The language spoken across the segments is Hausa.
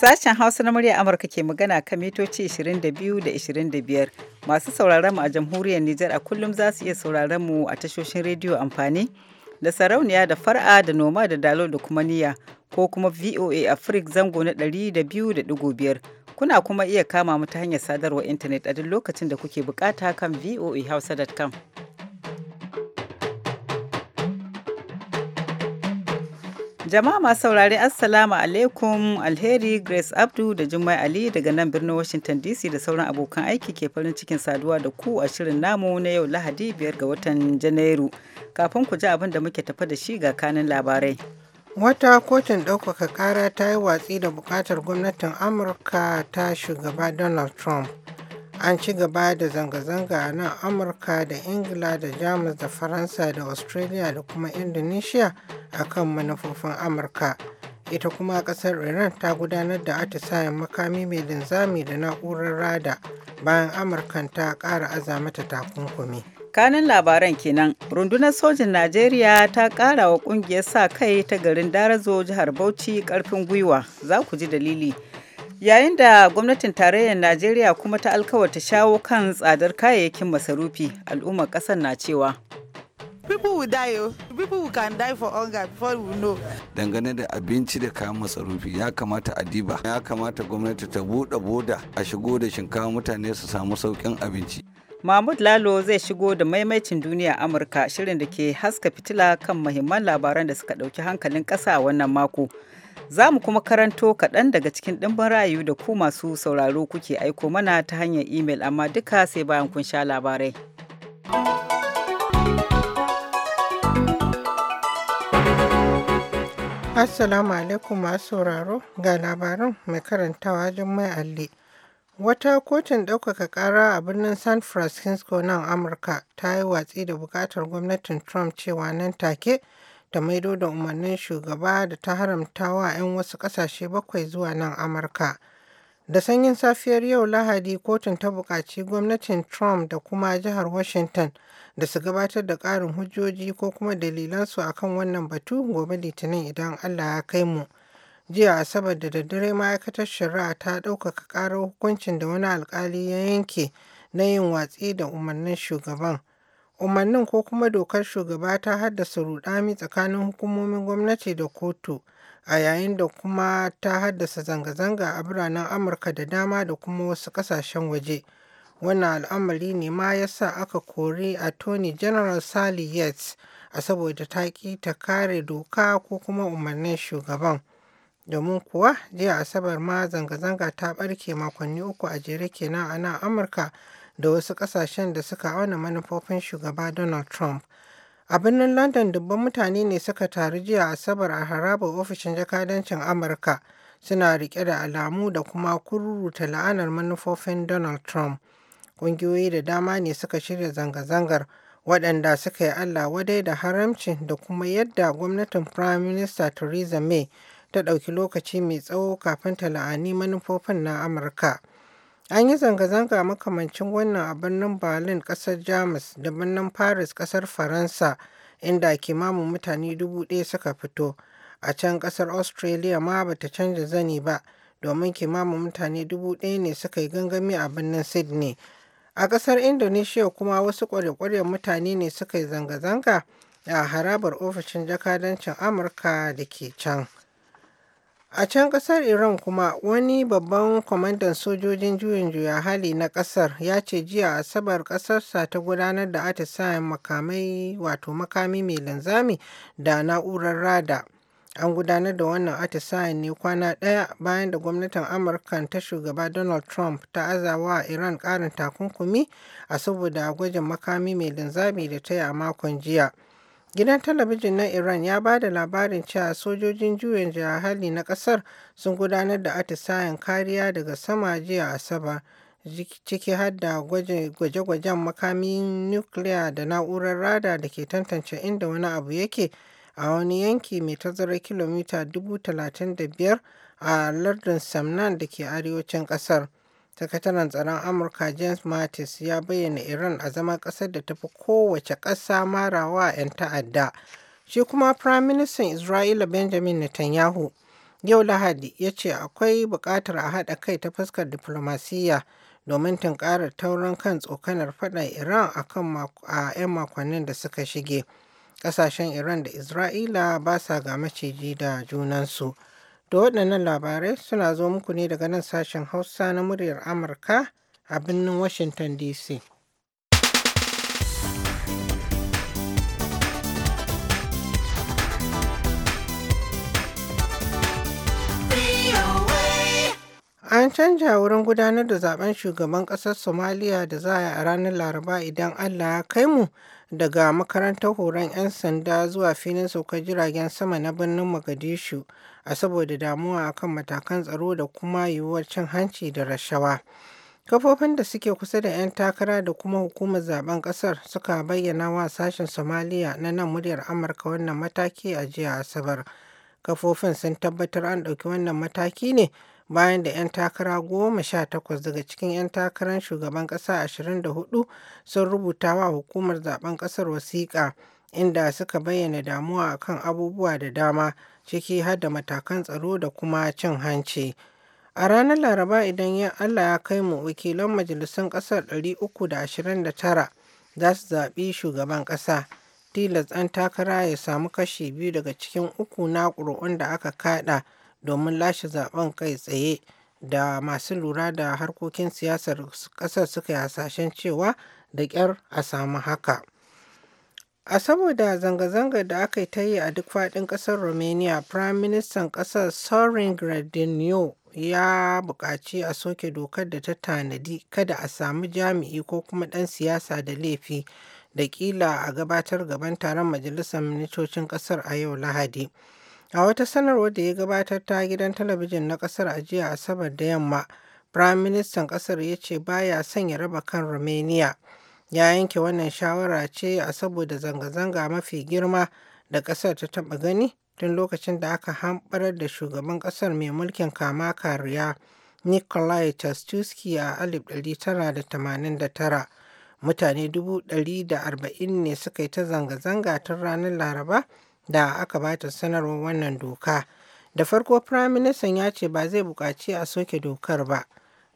Sashen Hausa na murya Amurka ke magana kan mitoci 22 da 25. Masu sauraron mu a jamhuriyar Nijar a kullum za su iya sauraron mu a tashoshin rediyo amfani da sarauniya da far'a da noma da dalo da kuma niya ko kuma VOA Africa zango na 200.5. Kuna kuma iya kama mu ta hanyar sadarwar intanet a duk lokacin da kuke bukata kan voahausa.com. Jama'a masu saurare Assalamu alaikum Alheri Grace Abdu da Jummai Ali daga nan birnin Washington DC da sauran abokan aiki ke farin cikin saduwa da ku a shirin namu na yau Lahadi biyar ga watan Janairu. Kafin ku ji abin da muke tafa da shi ga kanin labarai. Wata kotun ɗaukaka ƙara ta yi watsi da buƙatar gwamnatin Amurka ta shugaba Donald Trump. An ci gaba da zanga-zanga a nan Amurka da Ingila da Jamus da Faransa da Australia da kuma Indonesia a kan manufofin amurka ita kuma kasar iran ta gudanar da atisayen makami mai linzami da na'urar rada bayan amurkan ta ƙara azamata takunkumi kanin labaran kenan rundunar sojin najeriya ta ƙara wa ƙungiyar sa kai ta garin darazo jihar bauchi karfin gwiwa za ku ji dalili yayin da gwamnatin tarayyar najeriya kuma ta alkawarta shawo kan tsadar kayayyakin masarufi al'ummar ƙasar na cewa People will die. Oh. People who can die for hunger before we know. Dangane da abinci da kayan masarufi ya kamata a diba. Ya kamata gwamnati ta buɗe boda a shigo da shinkawa mutane su samu saukin abinci. Mahmud Lalo zai shigo da maimaicin duniya Amurka shirin da ke haska fitila kan mahimman labaran da suka ɗauki hankalin ƙasa a wannan mako. Za mu kuma karanto kaɗan daga cikin ɗimbin rayu da ku masu sauraro kuke aiko mana ta hanyar imel amma duka sai bayan kun sha labarai. Assalamu alaikum masu sauraro ga labarin mai karantawa Jummai Alli. Wata kotun ɗaukaka ƙara a birnin San Francisco nan Amurka ta yi watsi da buƙatar gwamnatin Trump cewa nan take ta maido da umarnin shugaba da ta haramta wa 'yan wasu ƙasashe bakwai zuwa nan Amurka. Da sanyin safiyar yau Lahadi, kotun ta buƙaci gwamnatin Trump da kuma jihar Washington da su gabatar da ƙarin hujjoji ko kuma dalilansu a kan wannan batu gobe Litinin idan Allah ya kai mu. Jiya Asabar da daddare ma'aikatar shari'a ta ɗaukaka ƙarar hukuncin da wani alƙali ya yanke na yin watsi da umarnin shugaban. umarnin ko kuma dokar shugaba ta haddasa rudani tsakanin hukumomin gwamnati da kotu a yayin da kuma ta haddasa zanga-zanga a biranen amurka da dama da kuma wasu kasashen waje wannan al'amari ne ma ya sa aka kori attorney general sally yates a saboda ta ƙi ta kare doka ko kuma umarnin shugaban domin kuwa jiya asabar ma zanga-zanga ta barke makonni uku a jere kenan a nan amurka da wasu kasashen da suka auna manufofin shugaba Donald Trump. A birnin London dubban mutane ne suka taru jiya Asabar a harabar ofishin jakadancin Amurka suna rike da alamu da kuma kururuta la'anar manufofin Donald Trump. Ƙungiyoyi da dama ne suka shirya zanga-zangar waɗanda suka yi Allah wadai da haramcin da kuma yadda gwamnatin Prime Minister Theresa May ta ɗauki lokaci mai tsawo kafin ta la'ani manufofin na Amurka. An yi zanga-zanga makamancin wannan a birnin Berlin ƙasar Jamus da birnin Paris ƙasar Faransa inda kimamin mutane dubu ɗaya suka fito. A can ƙasar Australia ma bata canza zani ba domin kimamin mutane dubu ɗaya ne suka yi gangami a birnin Sydney. A ƙasar Indonesia kuma wasu kwarekwaren mutane ne suka yi zanga-zanga a harabar ofishin jakadancin Amurka da ke can. A can kasar Iran kuma wani babban kwamandan sojojin juyin juya hali na kasar ya ce jiya asabar kasarsa ta gudanar da atisayen makamai wato makami mai linzami da na'urar rada. An gudanar da wannan atisayen ne kwana ɗaya bayan da gwamnatin Amurka ta shugaba Donald Trump ta azawa Iran ƙarin takunkumi a saboda gwajin makami mai linzami da ta yi a makon jiya. Gidan talabijin na Iran ya ba da labarin cewa sojojin juyin jihar hali na kasar sun gudanar da atisayen kariya daga sama jiya Asabar, ciki har da gwaje-gwajen makamin nukiliya da na'urar rada da ke tantance inda wani abu yake a wani yanki mai tazarar kilomita 35,000 a lardin Samnan da ke arewacin kasar. sakataren tsaron amurka james mattis ya bayyana iran a zama kasar da tafi kowace ƙasa marawa 'yan ta'adda shi kuma prime minister isra'ila benjamin netanyahu yau lahadi ya ce akwai buƙatar a haɗa kai ta fuskar diflomasiyya domin tunkarar taurin kan tsokanar faɗan iran a 'yan makonnin da suka shige ƙasashen iran da isra'ila ba sa ga maciji da junansu. Da waɗannan labarai suna zo muku ne daga nan sashen Hausa na muryar Amurka a birnin Washington DC. An canja wurin gudanar da zaben shugaban ƙasar Somaliya da za a yi a ranar Laraba idan Allah ya kai mu daga makarantar horon 'yan sanda zuwa filin saukar jiragen sama na birnin Mogadishu a saboda damuwa akan matakan tsaro da kuma yiwuwar cin hanci da rashawa. Kafofin da suke kusa da 'yan takara da kuma hukumar zaben kasar suka bayyana wa sashen Somaliya na nan muryar Amurka wannan mataki a jiya Asabar. Kafofin sun tabbatar an ɗauki wannan mataki ne bayan da 'yan takara goma sha takwas daga cikin 'yan takarar shugaban ƙasa 24 sun rubuta wa hukumar zaben ƙasar wasiƙa inda suka bayyana damuwa akan abubuwa da dama ciki har da matakan tsaro da kuma cin hanci. A ranar Laraba idan ya Allah ya kai mu wakilan majalisun ƙasar 329 za su zaɓi shugaban ƙasa. Tilas ɗan takara ya samu kashi biyu daga cikin uku na ƙuri'un da aka kaɗa domin lashe zaɓen kai tsaye da masu lura da harkokin siyasar ƙasar suka yi hasashen cewa da ƙyar a samu haka. A saboda zanga zanga da aka ta yi a duk faɗin ƙasar Romania, Firaministan ƙasar Zoran Gradinio ya buƙaci a soke dokar da ta tanadi kada a samu jami'i ko kuma ɗan siyasa da laifi da ƙila a gabatar gaban taron Majalisar Ministocin ƙasar a yau Lahadi. A wata sanarwar da ya gabatar ta gidan talabijin na ƙasar a jiya Asabar da yamma, Firaministan ƙasar ya ce baya son ya raba kan Romania. ya yanke wannan shawara ce a saboda zanga-zanga mafi girma da ƙasar ta taɓa gani tun lokacin da aka hamɓarar da shugaban ƙasar mai mulkin kama kariya nikolai tastuski a 1989 mutane 140 ne suka yi ta zanga-zanga tun ranar laraba da aka bata sanarwar wannan doka da farko firaministan ya ce ba zai buƙaci a soke dokar ba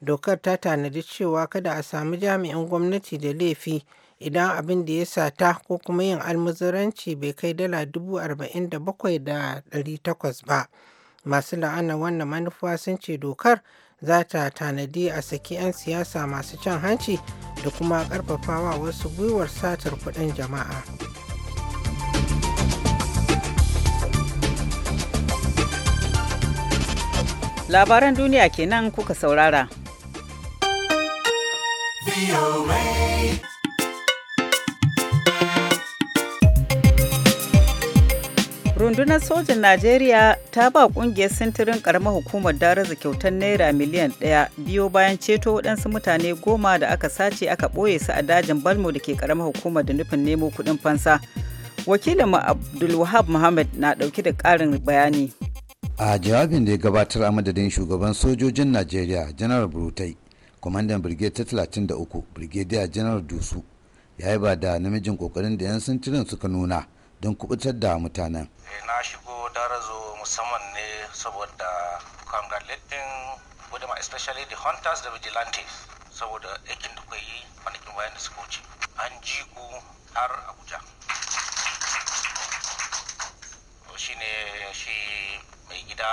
dokar ta tanadi cewa kada a sami jami'in gwamnati da laifi idan abin da ya sata ko kuma yin almuzuranci bai kai dala dubu arba'in da bakwai da ɗari takwas ba masu la'ana wannan manufa sun ce dokar za ta tanadi a saki 'yan siyasa masu cin hanci da kuma ƙarfafawa wasu gwiwar satar kuɗin jama'a. Labaran duniya kenan kuka saurara. rundunar sojin najeriya ta ba kungiyar sintirin karamar hukumar daraza kyautar naira miliyan daya biyo bayan ceto waɗansu mutane goma da aka sace aka ɓoye su a dajin balmo da ke karamar hukumar da nufin nemo kuɗin fansa wakilinmu abdulwahab muhammad na ɗauki da ƙarin bayani a jawabin da ya gabatar a madadin shugaban sojojin najeriya janar burutai kwamandan brigade ta 33 brigadier general dusu ya yi ba da namijin kokarin da 'yan sintirin suka nuna don kubutar da mutanen eh, na shigo darazo musamman ne saboda congratulating with especially the hunters da vigilantes saboda aikin da kuka yi kwanakin bayan da suka wuce an ji ku har abuja shi ne shi mai gida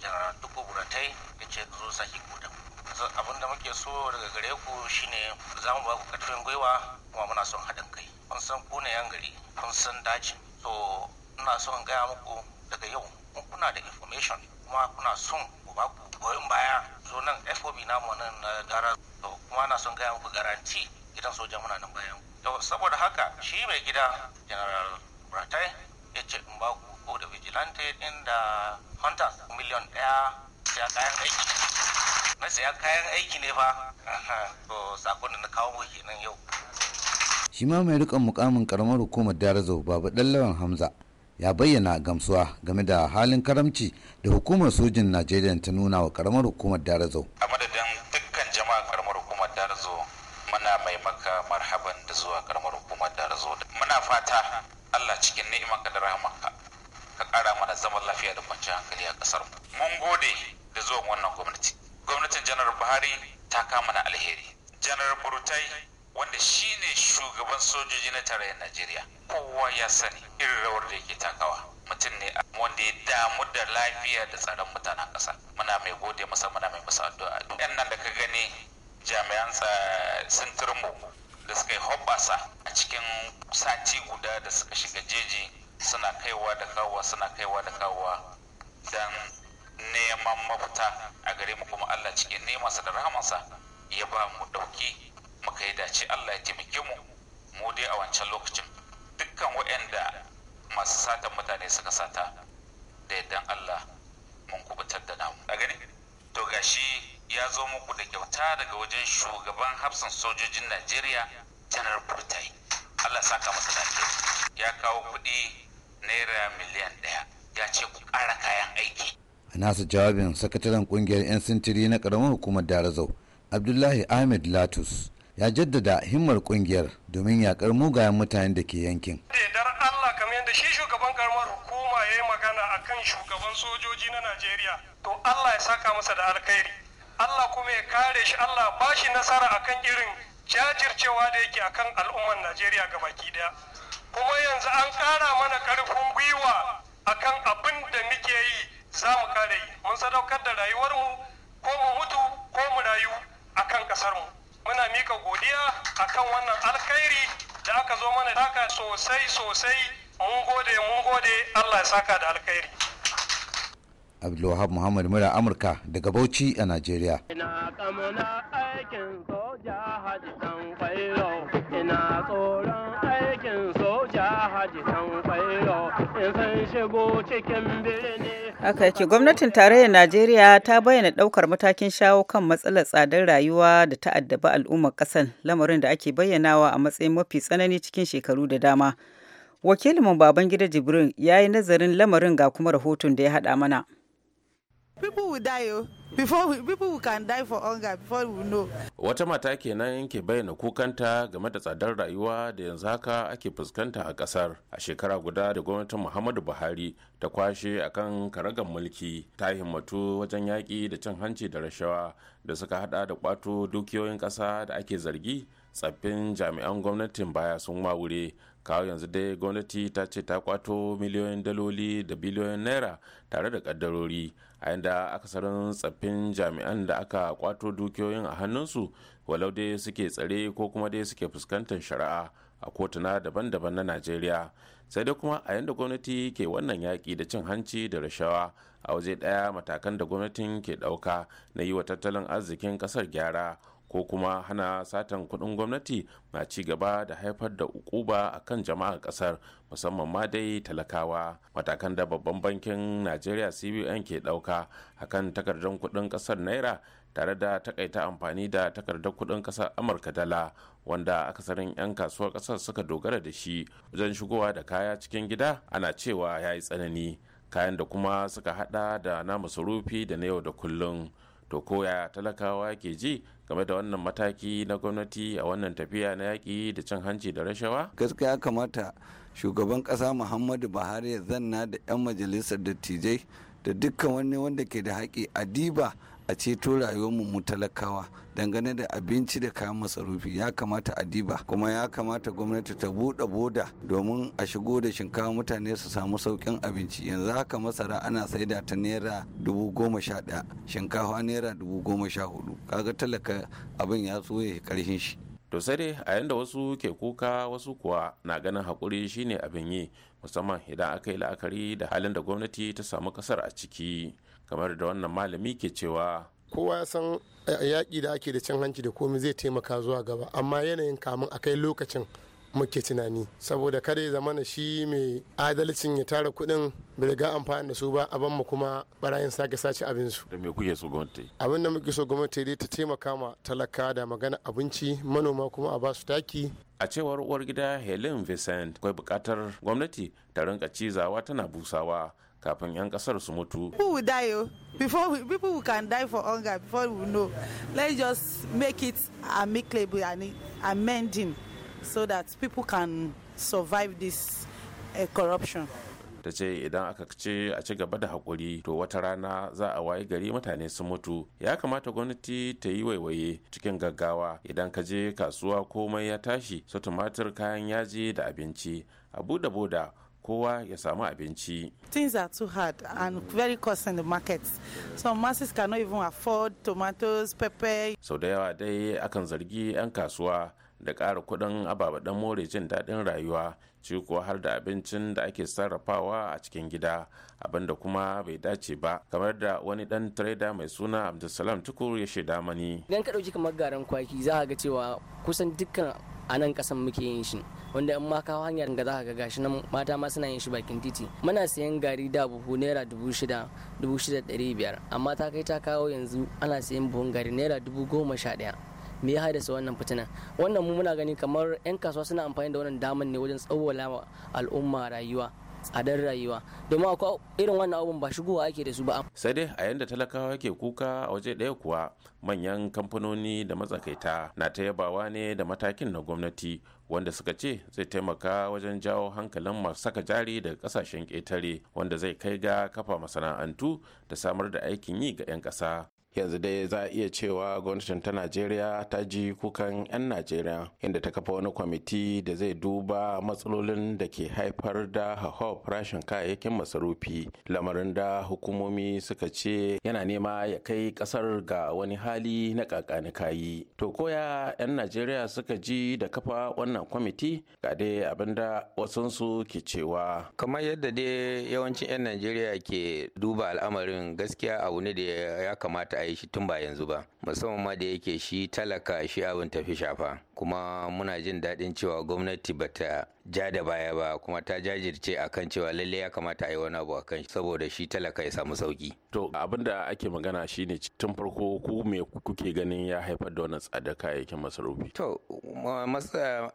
general duku buratai ya ce zo sake gudan abin da muke so daga gare ku shine za mu ba ku karfin gwiwa kuma muna son haɗin kai kun san ku ne yan gari kun san daji to ina son gaya muku daga yau kun kuna da information kuma kuna son ku ba ku goyon baya zo nan fob namu nan na gara to kuma na son gaya muku garanti gidan soja muna nan bayan To saboda haka shi mai gida general bratai ya ce in ba ku ko da vigilante ɗin da hunter miliyan ɗaya ya kayan aiki na saya kayan aiki ne fa to sakon da na kawo mu kenan yau shi ma mai rikon mukamin karamar hukumar darazo babu lawan hamza ya bayyana gamsuwa game da halin karamci da hukumar sojin najeriya ta nuna wa karamar hukumar darazo a madadin dukkan jama'a karamar hukumar darazo muna mai maka marhaban da zuwa karamar hukumar darazo muna fata allah cikin ni'imanka da rahamanka ka kara mana zaman lafiya da kwanciyar hankali a kasar mun gode da zuwan wannan gwamnati gwamnatin janar buhari ta kama na alheri janar burutai wanda shine shugaban sojoji na tarayyar najeriya kowa ya sani irin rawar da yake takawa mutum ne wanda ya damu da lafiya da tsaron mutanen ƙasa muna mai gode masa muna mai masa addu'a yan nan da ka gani jami'an sun turmu da suka yi hoɓasa a cikin sati guda da suka shiga jeji suna kaiwa da kawowa suna kaiwa da kawowa don neman mafita a gare mu kuma Allah cikin nemansa da rahamansa ya ba mu ɗauki muka yi dace Allah ya taimake mu mu dai a wancan lokacin dukkan waɗanda masu satan mutane suka sata da yardan Allah mun kubutar da namu a gani to gashi ya zo muku da kyauta daga wajen shugaban hafsan sojojin Najeriya janar Burtai Allah saka masa lafiya ya kawo kuɗi naira miliyan ɗaya ya ce ku ƙara kayan aiki a nasa jawabin sakataren kungiyar 'yan sintiri na karamar hukumar darazau abdullahi ahmed latus ya jaddada himmar kungiyar domin yakar mugayen mutane da ke yankin Allah da shi shugaban karamar hukuma ya yi magana a kan shugaban sojoji na Najeriya to Allah ya saka masa da alkhairi Allah kuma ya kare shi Allah ba shi nasara a kan irin jajircewa da yake kan al'ummar Najeriya ga baki daya kuma yanzu an kara mana karfin gwiwa a kan abin da muke yi za mu kare yi mun sadaukar da rayuwar mu, ko mu mutu ko mu rayu a kan ƙasarmu muna mika godiya a kan wannan alkhairi da aka zo mana haka sosai sosai mun gode mun gode allah ya saka da alkhairi abdulwahab muhammad mura amurka daga bauchi a najeriya ina kamuna aikin soja haji dan kwairo ina tsoron aikin soja haji dan kwairo in san shigo cikin birni Haka yake gwamnatin tarayyar Najeriya ta bayyana daukar matakin shawo kan matsalar tsadar rayuwa da ta addaba al'ummar kasar lamarin da ake bayyanawa a matsayin mafi tsanani cikin shekaru da dama. Wakilin baban gida Jibrin ya yi nazarin lamarin ga kuma rahoton da ya haɗa mana. people will die oh. before we, people can die for hunger before we know. Wata mata kenan ke bayyana kukanta game da tsadar rayuwa da yanzu haka ake fuskanta a kasar. A shekara guda da gwamnatin Muhammadu Buhari ta kwashe akan karagan mulki ta himmatu wajen yaƙi da cin hanci da rashawa da suka hada da kwato dukiyoyin kasa da ake zargi tsaffin jami'an gwamnatin baya sun wawure kawo yanzu dai gwamnati ta ce ta kwato miliyoyin daloli da biliyoyin naira tare da kaddarori a yadda akasarin tsaffin jami'an da aka kwato dukiyoyin a hannunsu walau dai suke tsare ko kuma dai suke fuskantar shari'a a kotuna daban-daban na najeriya sai dai kuma a yadda gwamnati ke wannan yaƙi da cin hanci da rashawa a waje ɗaya matakan da gwamnatin ke ɗauka na yi wa tattalin arzikin ƙasar gyara ko kuma hana satan kuɗin gwamnati na ci gaba da haifar da ukuba a kan jama'ar ƙasar musamman ma dai talakawa matakan da babban bankin najeriya cbn ke ɗauka akan takardar kuɗin ƙasar naira tare da takaita amfani da takardar kuɗin ƙasar amurka dala wanda akasarin 'yan kasuwar ƙasar suka dogara da shi wajen shigowa da kaya cikin gida ana cewa ya yi tsanani kayan da kuma suka hada da na masarufi da na yau da kullum to ko yaya talakawa ke ji game da wannan mataki na gwamnati a wannan tafiya na yaƙi da cin hanci da rashawa gaskiya kamata shugaban ƙasa muhammadu buhari ya zanna da 'yan majalisar dattijai da dukkan wani wanda ke da haƙi a diba a ceto rayuwarmu mu talakawa dangane da abinci da kayan masarufi ya kamata a diba kuma ya kamata gwamnati ta buɗe boda domin a shigo da shinkawa mutane su samu saukin abinci yanzu haka masara ana saida ta naira dubu goma sha ɗaya shinkawa naira dubu goma sha hudu kaga talaka abin ya so ya karshen shi to sai dai a yanda wasu ke kuka wasu kuwa na ganin hakuri shine abin yi musamman idan aka yi la'akari da halin da gwamnati ta samu kasar a ciki kamar da wannan malami ke cewa kowa ya san eh, yaƙi da ake da cin hanci da komai zai taimaka zuwa gaba amma yanayin kamun a kai lokacin muke tunani saboda kada ya zamana shi mai adalcin ya tara kuɗin bai riga amfani da su ba a ban mu kuma barayin sake sace abin su da me kuke so gwamnati abin da muke so gwamnati dai ta taimaka ma talaka da magana abinci manoma kuma a basu taki a cewar uwar gida helen vincent akwai bukatar gwamnati ta rinka cizawa tana busawa kafin 'yan kasar su mutu. Who will die yo? Oh. Before we, people who can die for hunger before we know. Let's just make it amicable and amending so that people can survive this uh, corruption. ta ce idan aka ce a ci gaba da haƙuri to wata rana za a waye gari mutane su mutu ya kamata gwamnati ta yi waiwaye cikin gaggawa idan ka je kasuwa komai ya tashi su tumatir kayan yaji da abinci a buɗe buda kowa ya samu abinci. Things are too hard and very cost in the market. Some masses cannot even afford tomatoes, pepper. Sau da yawa dai akan zargi 'yan kasuwa da ƙara kuɗin ababen more jin daɗin rayuwa ci kuwa har da abincin da ake sarrafawa a cikin gida abinda kuma bai dace ba kamar da wani dan trader mai suna abdulsalam tukur ya shaida mani idan ka ɗauki kamar garan kwaki za ka ga cewa kusan dukkan a nan kasan muke yin shi wanda in ma kawo hanyar da za ka ga gashi nan mata ma suna yin shi bakin titi muna sayan gari da buhu naira dubu shida dubu shida ɗari biyar amma ta kai ta kawo yanzu ana sayan buhun gari naira dubu goma sha ɗaya me ya haddasa wannan fitina wannan mu muna gani kamar 'yan kasuwa suna amfani da wannan daman ne wajen tsawwala al'umma rayuwa tsadar rayuwa domin akwai irin wannan abun ba shigowa ake da su ba sai dai a yanda talakawa ke kuka a waje daya kuwa manyan kamfanoni da matsakaita na ta yabawa ne da matakin na gwamnati wanda suka ce zai taimaka wajen jawo hankalin masu saka jari daga kasashen ƙetare wanda zai kai ga kafa masana'antu da samar da aikin yi ga 'yan ƙasa yanzu dai za a iya cewa gwamnatin ta najeriya ta ji kukan 'yan najeriya inda ta kafa wani kwamiti da zai duba matsalolin da ke haifar da hauhawar farashin kayayyakin masarufi lamarin da hukumomi suka ce yana nema ya kai kasar ga wani hali na kakani kayi to koya 'yan najeriya suka ji da kafa wannan kwamiti ga dai abinda wasansu ke cewa kamar yadda dai yawancin 'yan najeriya ke duba al'amarin gaskiya abu ne da ya kamata a yi shi tun ba yanzu ba musamman ma da yake shi talaka shi abin tafi shafa kuma muna jin daɗin cewa gwamnati bata ja da baya ba kuma ta jajirce a kan cewa lalle ya kamata a yi wani abu akan saboda shi talaka ya samu sauki. To abinda ake magana shine tun farko ku me kuke ganin ya haifar da wannan tsada kayayyakin masarufi? To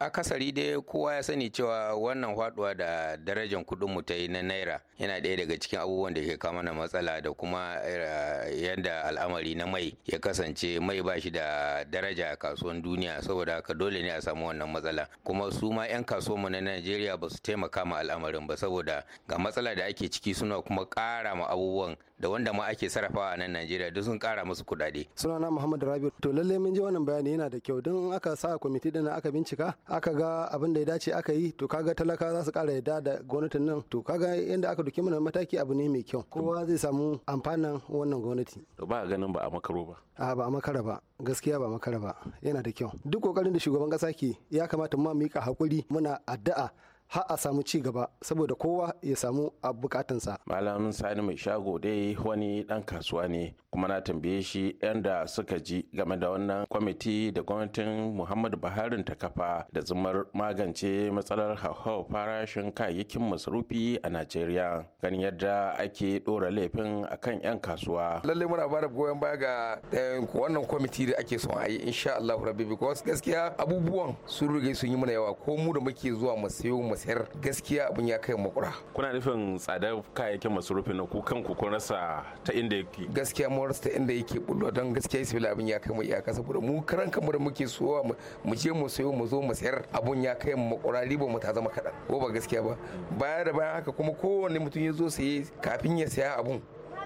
akasari dai kowa ya sani cewa wannan faduwa da darajar kuɗin mu ta yi na naira yana ɗaya daga cikin abubuwan da ke kama na matsala da kuma eh, yadda al'amari na mai ya kasance mai ba shi da daraja a kasuwan duniya saboda haka dole ne a samu wannan matsala kuma su ma 'yan kasuwanmu na najeriya ba su taimaka ma al'amarin ba saboda ga matsala da ake ciki suna kuma ƙara ma abubuwan da wanda ma ake sarrafawa a nan Najeriya duk sun kara musu kuɗaɗe. Sunana Muhammad Rabiu to lalle mun ji wannan bayani yana da kyau don aka sa kwamiti din aka bincika aka ga abin da ya dace aka yi to kaga talaka za su kara yadda da gwamnatin nan to kaga yanda aka duki mana mataki abu ne mai kyau kowa zai samu amfanin wannan gwamnati. To ba ganin ba a makaro ba. A ba a makara ba gaskiya ba makara ba yana da kyau duk kokarin da shugaban kasa ke ya kamata mu miƙa hakuri muna addu'a har a samu ci gaba saboda kowa ya samu a bukatansa. Malam Sani mai shago dai wani dan kasuwa ne kuma na tambaye shi yan da suka ji game da wannan kwamiti da gwamnatin Muhammadu Buhari ta kafa da zumar magance matsalar hauhawar farashin kayayyakin masarufi a Najeriya ganin yadda ake dora laifin akan 'yan kasuwa. Lalle muna ba da goyon baya ga eh, wannan kwamiti da ake son a yi insha Allah rabbi gaskiya abubuwan sun rige sun yi mana yawa ko mu da muke zuwa mu sayo mu sayar gaskiya abin ya kai makura kuna nufin tsadar kayayyakin masarufi na ku kanku ko rasa ta inda yake gaskiya mun rasa ta inda yake bullo don gaskiya isbila abin ya kai mu iyaka saboda mu karan kamar da muke suwa mu je mu sayo mu zo mu sayar abun ya kai makura riba mu ta zama kaɗan ko ba gaskiya ba baya da bayan haka kuma kowane mutum ya zo saye kafin ya saya abun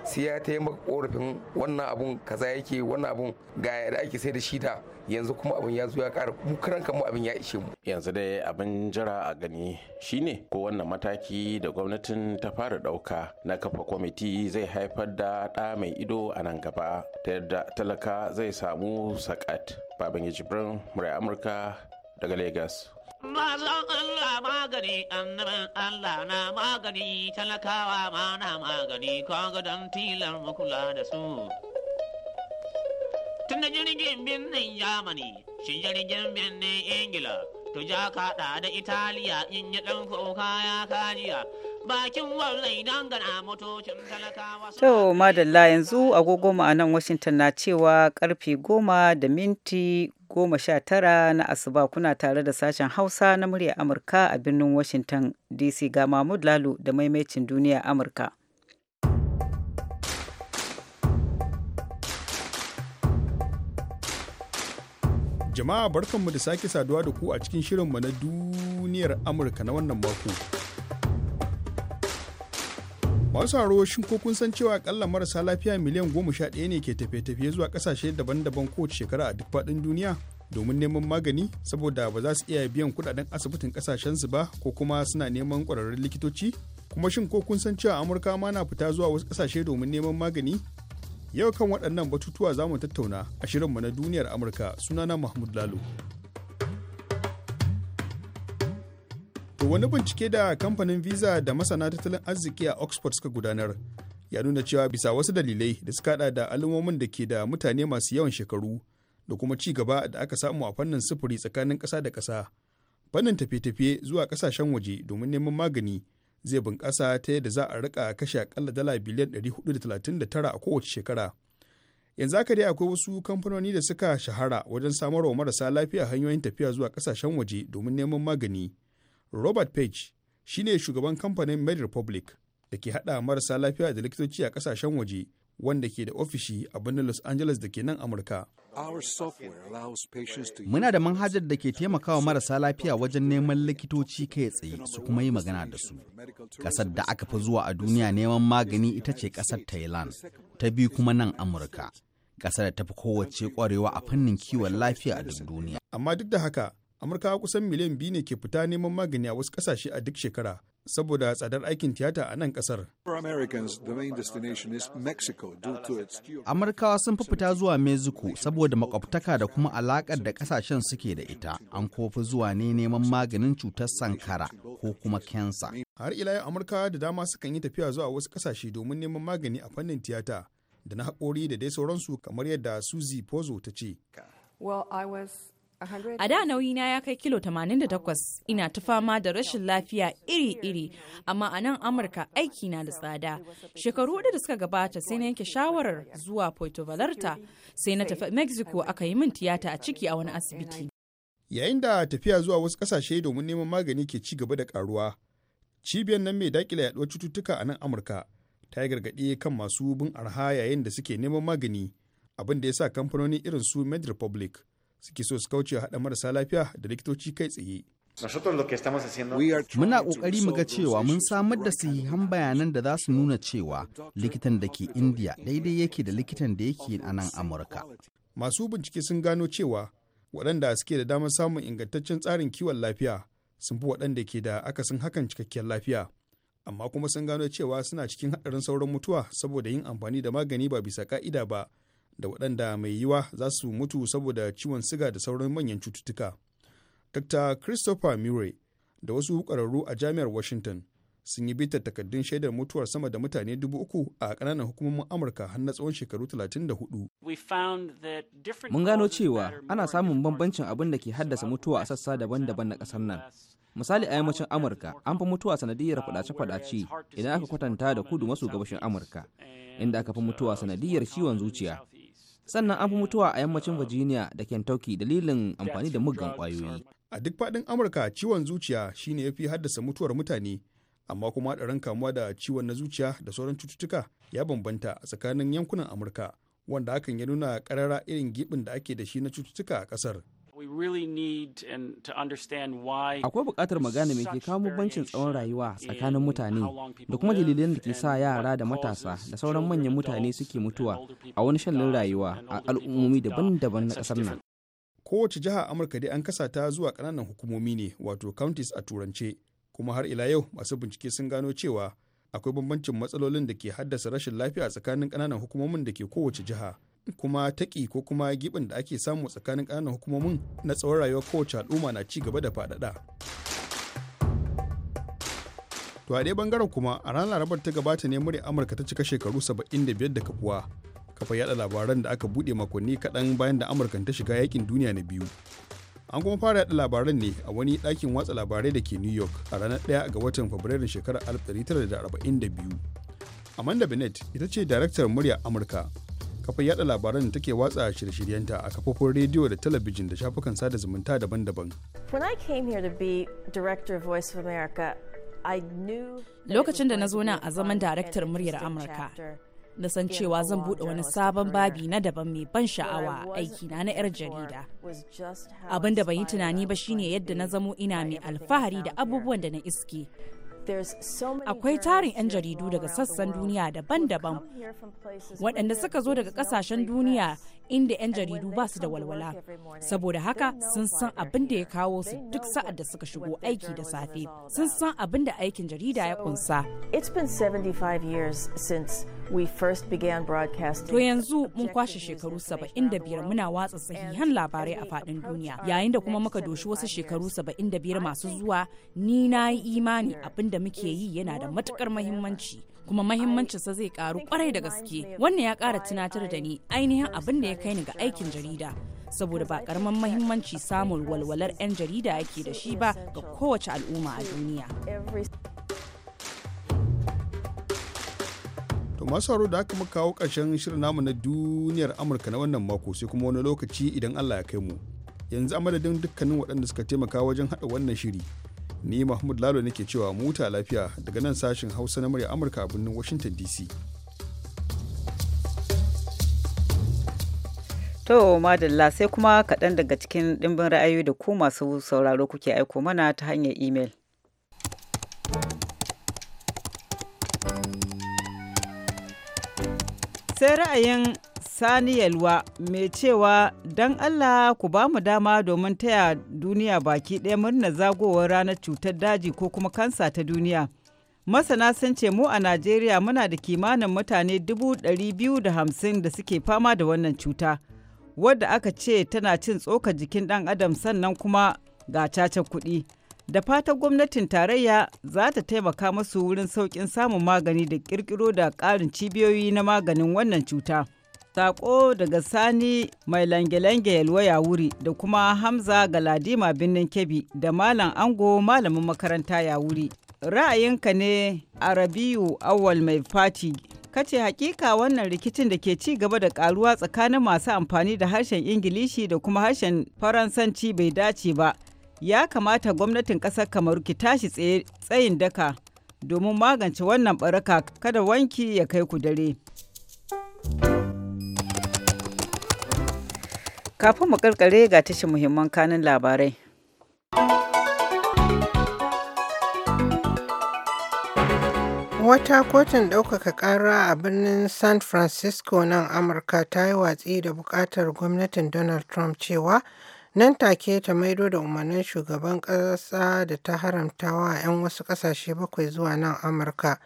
sai ya ta korafin wannan abun kaza yake wannan abun ga da ake sai da shi ta yanzu kuma abun ya zo ya kara mu karanka mu abin ya ishe mu yanzu da abin jira a gani shine ko wannan mataki da gwamnatin ta fara ɗauka na kafa kwamiti zai haifar da ɗa mai ido a nan gaba ta yadda talaka zai samu sakat babangiji birnin murai amurka daga lagos Mazan Allah magani, annaban Allah na magani, talakawa ma na magani, kaga don tilar makula da su. Tun da jirgin birnin Yamani, shi jirgin birnin Ingila, tujaka da da Italiya in yi ɗan kuka ya kajiya. bakin dala to madalla yanzu agogo ma'anan washington na cewa karfe goma da minti goma sha tara na asuba kuna tare da sashen hausa na murya amurka a birnin washington dc ga mahmud lalu da maimacin duniya amurka jama'a barkanmu da sake saduwa da ku a cikin shirinmu na duniyar amurka na wannan mako masu haro ko kun san cewa akalla marasa lafiya miliyan goma sha ɗaya ne ke tafiye-tafiye zuwa ƙasashe daban-daban kowace shekara a duk faɗin duniya domin neman magani saboda ba za su iya biyan kuɗaɗen asibitin ƙasashensu ba ko kuma suna neman ƙwararrun likitoci kuma shin ko kun san cewa amurka ma na fita zuwa wasu ƙasashe domin neman magani yau kan waɗannan batutuwa za mu tattauna a shirinmu na duniyar amurka sunana mahmud lalo To wani bincike da kamfanin Visa da masana tattalin arziki a Oxford suka gudanar ya nuna cewa bisa wasu dalilai da suka hada da alamomin da ke da mutane masu yawan shekaru da kuma ci gaba da aka samu a fannin sufuri tsakanin ƙasa da ƙasa. Fannin tafiye-tafiye zuwa ƙasashen waje domin neman magani zai bunƙasa ta yadda za a rika kashe akalla dala biliyan 439 a kowace shekara. Yanzu haka dai akwai wasu kamfanoni da suka shahara wajen samarwa marasa lafiya hanyoyin tafiya zuwa ƙasashen waje domin neman magani. robert page shine shugaban kamfanin med republic da ke hada marasa lafiya da likitoci a kasashen waje wanda ke da ofishi a birnin los angeles da ke nan amurka muna da manhajar da ke taimakawa marasa lafiya wajen neman likitoci kai tsaye su kuma yi magana da su kasar da aka fi zuwa a duniya neman magani ita ce kasar thailand ta biyu kuma nan amurka kasar da ta fi kowace kwarewa a fannin kiwon lafiya a duk duniya amma duk da haka amurkawa kusan miliyan biyu ne ke fita neman magani a wasu kasashe a duk shekara saboda tsadar aikin tiyata a nan kasar amurkawa sun fi fita zuwa mexico saboda makwabtaka da kuma alakar da kasashen suke da ita an kofi zuwa ne neman maganin cutar sankara ko kuma kensa har ila yau amurkawa da dama sukan yi tafiya zuwa wasu kasashe domin neman magani a fannin tiyata da na haƙori da dai sauransu kamar yadda suzy pozo ta ce well, I A da nauyi na ya kai kilo 88 ina ta fama da rashin lafiya iri-iri, amma a nan Amurka aiki na da tsada. Shekaru hudu da suka gabata sai na yanke shawarar zuwa Puerto Vallarta sai na tafi Mexico aka yi min tiyata a ciki a wani asibiti. Yayin da tafiya zuwa wasu kasashe domin neman magani ke ci gaba da karuwa cibiyar nan mai dakile yaduwar cututtuka a nan amurka ta yi gargaɗi kan masu bin arha yayin da suke neman magani abin da ya sa kamfanoni irin su med republic suke so su kauce haɗa marasa lafiya da likitoci kai tsaye. Muna ƙoƙari mu ga cewa mun samar da sahihan bayanan da za su nuna cewa likitan da ke India daidai yake da likitan da yake a nan Amurka. Masu bincike sun gano cewa waɗanda suke da damar samun ingantaccen tsarin kiwon lafiya sun fi waɗanda ke da akasin hakan cikakkiyar lafiya. Amma kuma sun gano cewa suna cikin haɗarin sauran mutuwa saboda yin amfani da magani ba bisa ƙa'ida ba da waɗanda mai yiwa za su mutu saboda ciwon siga da sauran manyan cututtuka. Dr. Christopher Murray da wasu ƙwararru a jami'ar Washington sun yi bitar takaddun shaidar mutuwar sama da mutane dubu uku a ƙananan hukumomin Amurka har na tsawon shekaru 34. Mun gano cewa ana samun bambancin abin da ke haddasa mutuwa a sassa daban-daban na ƙasar nan. Misali a yammacin Amurka an fi mutuwa sanadiyar faɗace-faɗace idan aka kwatanta da kudu maso gabashin Amurka, inda aka fi mutuwa sanadiyar ciwon zuciya. sannan an fi mutuwa a yammacin virginia da kentucky dalilin amfani da muggan kwayoyi a duk faɗin amurka ciwon zuciya shine ya fi haddasa mutuwar mutane amma kuma haɗarin kamuwa da ciwon na zuciya da sauran cututtuka ya bambanta a tsakanin yankunan amurka wanda hakan ya nuna karara irin gibin da ake da shi na cututtuka a ƙasar Akwai bukatar magana mai ke kawo bambancin tsawon rayuwa tsakanin mutane da kuma dalilan da ke sa yara da matasa da sauran manyan mutane suke mutuwa a wani shallin rayuwa a al'ummomi daban-daban na ƙasar nan. Kowace jiha Amurka dai an kasa ta zuwa ƙananan hukumomi ne wato counties a turance kuma har ila yau masu bincike sun gano cewa akwai bambancin matsalolin da ke haddasa rashin lafiya tsakanin ƙananan hukumomin da ke kowace jiha. kuma taƙi ko kuma gibin da ake samu tsakanin ƙananan hukumomin na tsawon rayuwa kowace al'umma na ci gaba da faɗaɗa. To a ɗaya bangaren kuma a ranar Larabar ta gabata ne murya Amurka ta cika shekaru 75 da kafuwa. Kafa yaɗa labaran da aka buɗe makonni kaɗan bayan da Amurka ta shiga yakin duniya na biyu. An kuma fara yaɗa labaran ne a wani ɗakin watsa labarai da ke New York a ranar 1 ga watan Fabrairun shekarar 1942. Amanda Bennett ita ce daraktar murya Amurka kafin yada labaran da take watsa shirye-shiryenta a kafofin rediyo da talabijin da shafukan sada zumunta daban-daban. came i Lokacin da na zo nan a zaman daraktar muryar Amurka, na san cewa zan buɗe wani sabon babi na daban mai ban sha'awa aikina na 'yar jarida abin da ban yi tunani ba shine yadda na zamo ina mai alfahari da abubuwan da na iske Akwai tarin 'yan jaridu daga sassan duniya daban-daban waɗanda suka zo daga ƙasashen duniya inda 'yan jaridu ba su da walwala saboda haka sun san abin da ya kawo su duk sa'ad da suka shigo aiki da safe sun san abin da aikin jarida ya kunsa To yanzu mun kwashe shekaru 75 muna watsa sahihan labarai a faɗin duniya yayin da kuma muka doshi wasu shekaru 75 masu zuwa ni na yi imani abin da muke yi yana da matukar mahimmanci kuma mahimmancinsa zai karu kwarai da gaske wannan ya kara tunatar da ni ainihin abin da ya kai ni ga aikin jarida saboda ba karamin mahimmanci samun walwalar 'yan jarida yake da shi ba ga kowace al'umma a duniya To masu da aka muka kawo ƙarshen shirin namu na duniyar Amurka na wannan mako sai kuma wani lokaci idan Allah ya kai mu. Yanzu amadadin madadin dukkanin waɗanda suka taimaka wajen haɗa wannan shiri. ni mahmud lalo nake cewa muta lafiya daga nan sashin hausa na murya amurka a birnin washington dc to madalla sai kuma kaɗan daga cikin ɗimbin ra'ayoyi da ku masu sauraro kuke aiko mana ta hanyar imel sai ra'ayin Sani Yalwa mai cewa don Allah ku ba mu dama domin taya duniya baki ɗaya murna zagowar ranar cutar daji ko kuma kansa ta duniya. Masana sun ce mu a Najeriya muna da kimanin mutane dubu ɗari biyu da hamsin da suke fama da wannan cuta, wadda aka ce tana cin tsoka jikin ɗan adam sannan kuma ga cacen kuɗi. Da fatan gwamnatin tarayya za ta taimaka masu wurin sauƙin samun magani da ƙirƙiro da ƙarin cibiyoyi na maganin wannan cuta. Sako daga Sani mai lange-lange ya wuri da kuma Hamza Galadima birnin Kebbi da Malam Ango malamin makaranta ya wuri. Ra'ayinka ne a Rabiu Awal mai fati kace hakika wannan rikicin da ke ci gaba da karuwa tsakanin masu amfani da harshen ingilishi da kuma harshen faransanci bai dace ba ya kamata gwamnatin ƙasar kamaru ki tashi tsayin daka domin magance wannan baraka kada wanki ya kai ku dare Kafin mu karkare ga tashin muhimman kanin labarai. Wata kotun ɗaukaka ƙara a birnin San Francisco nan Amurka ta yi watsi da buƙatar gwamnatin Donald Trump cewa nan take ta maido da umarnin shugaban ƙasa da ta haramtawa a 'yan wasu ƙasashe bakwai zuwa nan Amurka.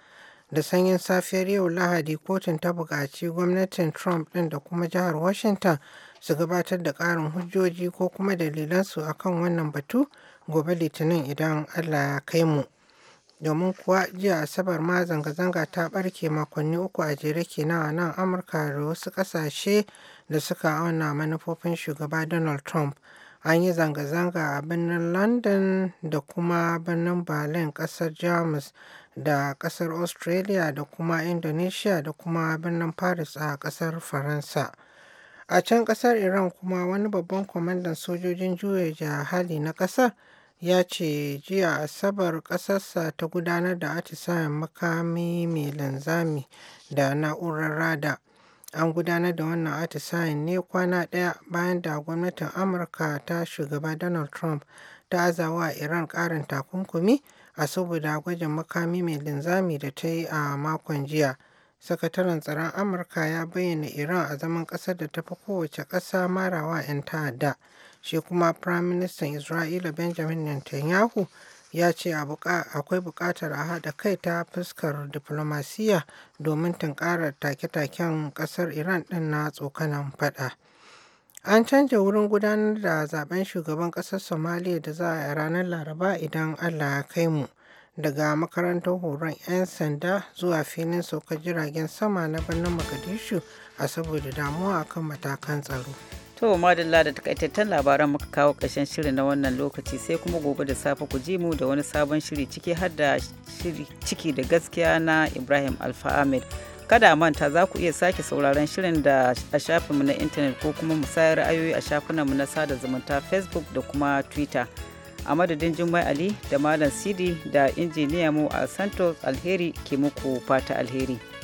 Da sanyin safiyar yau Lahadi kotun ta buƙaci gwamnatin Trump ɗin da kuma jihar Washington su gabatar da ƙarin hujjoji ko kuma dalilansu a kan wannan batu gobe litinin idan Allah ya kai mu. Domin kuwa jiya Asabar ma zanga-zanga ta ɓarke makonni uku a jere kenan a nan Amurka da wasu ƙasashe da suka auna manufofin shugaba Donald Trump. An yi zanga-zanga a birnin London da kuma birnin Berlin ƙasar Jamus da ƙasar Australia da kuma Indonesia da kuma birnin Paris a ƙasar Faransa. A can kasar Iran kuma wani babban kwamandan sojojin juya hali na kasar ya ce jiya asabar kasarsa ta gudanar da atisayen makami mai linzami da na'urar rada. An gudanar da wannan atisayen ne kwana ɗaya bayan da gwamnatin Amurka ta shugaba Donald Trump ta azawa Iran ƙarin takunkumi a saboda gwajin makami mai linzami da ta yi a makon jiya. Sakataren Tsaron Amurka ya bayyana Iran a zaman ƙasar da ta fi kowace ƙasa marawa 'yan ta'adda, shi kuma Firaministan Isra'ila Benjamin Netanyahu ya ce akwai buƙatar a haɗa kai ta fuskar diflomasiyya domin tunkarar take-taken ƙasar Iran ɗin na tsokanan faɗa. An canja wurin gudanar da zaben shugaban ƙasar Somaliya da za a ranar Laraba idan Allah ya kai mu. daga makarantar horon 'yan sanda zuwa filin saukar jiragen sama na birnin mogadishu a saboda damuwa akan matakan tsaro to madalla da takaitattun labaran muka kawo ƙarshen shirin na wannan lokaci sai kuma gobe da safe ku ji mu da wani sabon shiri ciki har da shiri ciki da gaskiya na ibrahim alfa ahmed kada manta za ku iya sake sauraron shirin da a shafinmu na intanet ko kuma musayar ayoyi a shafinanmu na sada zumunta facebook da kuma twitter a madadin jummai ali da malam sidi da injiniya mu a santos alheri ke muku fata alheri